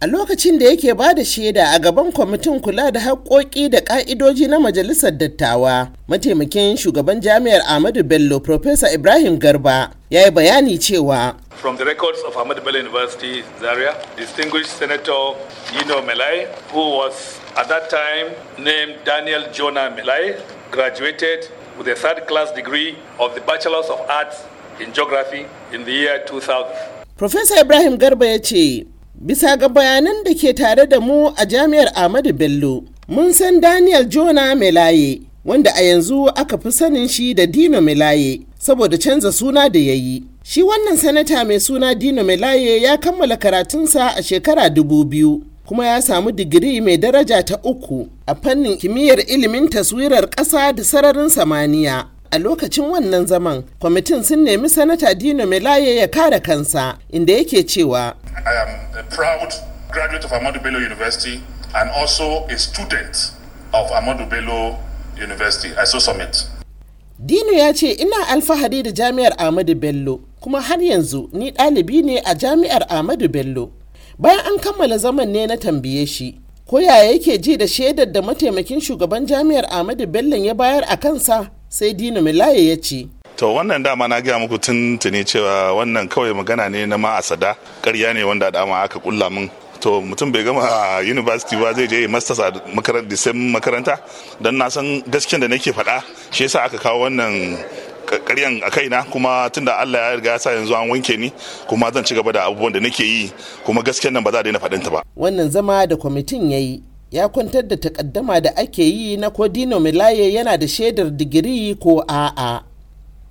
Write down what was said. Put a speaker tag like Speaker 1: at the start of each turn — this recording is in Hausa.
Speaker 1: a lokacin da yake ba da shaida a gaban kwamitin kula da haƙƙoƙi da ƙa'idoji na majalisar dattawa mataimakin shugaban jami'ar ahmadu bello professor ibrahim garba ya yi bayani cewa
Speaker 2: From the records of ahmadu Bello University, Zaria, distinguished Senator Yino Melai, who was at that time named Daniel Jonah Melai, graduated with a third class degree of the Bachelor's of Arts in Geography in the year 2000.
Speaker 1: Professor Ibrahim Garba ya ce, Bisa ga bayanan da ke tare da mu a jami'ar Ahmadu Bello, mun san Daniel Jona Melaye, wanda a yanzu aka fi sanin shi da Dino Melaye, saboda canza suna da ya yi. Shi wannan sanata mai suna Dino Melaye ya kammala karatunsa a shekara dubu biyu. kuma ya samu digiri mai daraja ta uku a fannin kimiyyar ilimin taswirar ƙasa da sararin samaniya. a lokacin wannan zaman kwamitin sun nemi sanata dino melaye ya kare kansa inda yake cewa
Speaker 3: I am a proud graduate of Amadou Bello University and also a student of Ahmadu Bello University, I so submit.
Speaker 1: Dino ya ce ina alfahari da jami'ar Ahmadu Bello kuma har yanzu ni ɗalibi ne a jami'ar Ahmadu Bello. Bayan an kammala zaman ne na tambaye shi, ko yaya yake ji da shaidar da mataimakin shugaban jami'ar Ahmadu Bello ya bayar a kansa sai Dino Milaye ya ce.
Speaker 4: to wannan dama na gaya muku tuntuni cewa wannan kawai magana ne na ma'asada ƙarya ne wanda dama aka kulla min to mutum bai gama a university ba zai je masters a makaranta same makaranta don na san gaskiyan da nake faɗa shi yasa aka kawo wannan karyan a kaina kuma tunda Allah ya riga sa yanzu an wanke ni kuma zan ci gaba da abubuwan da nake yi kuma gaskiyan nan ba za a daina faɗinta
Speaker 1: ba wannan zama da kwamitin ya yi ya kwantar da takaddama da ake yi na kodino milaye yana da shaidar digiri ko a'a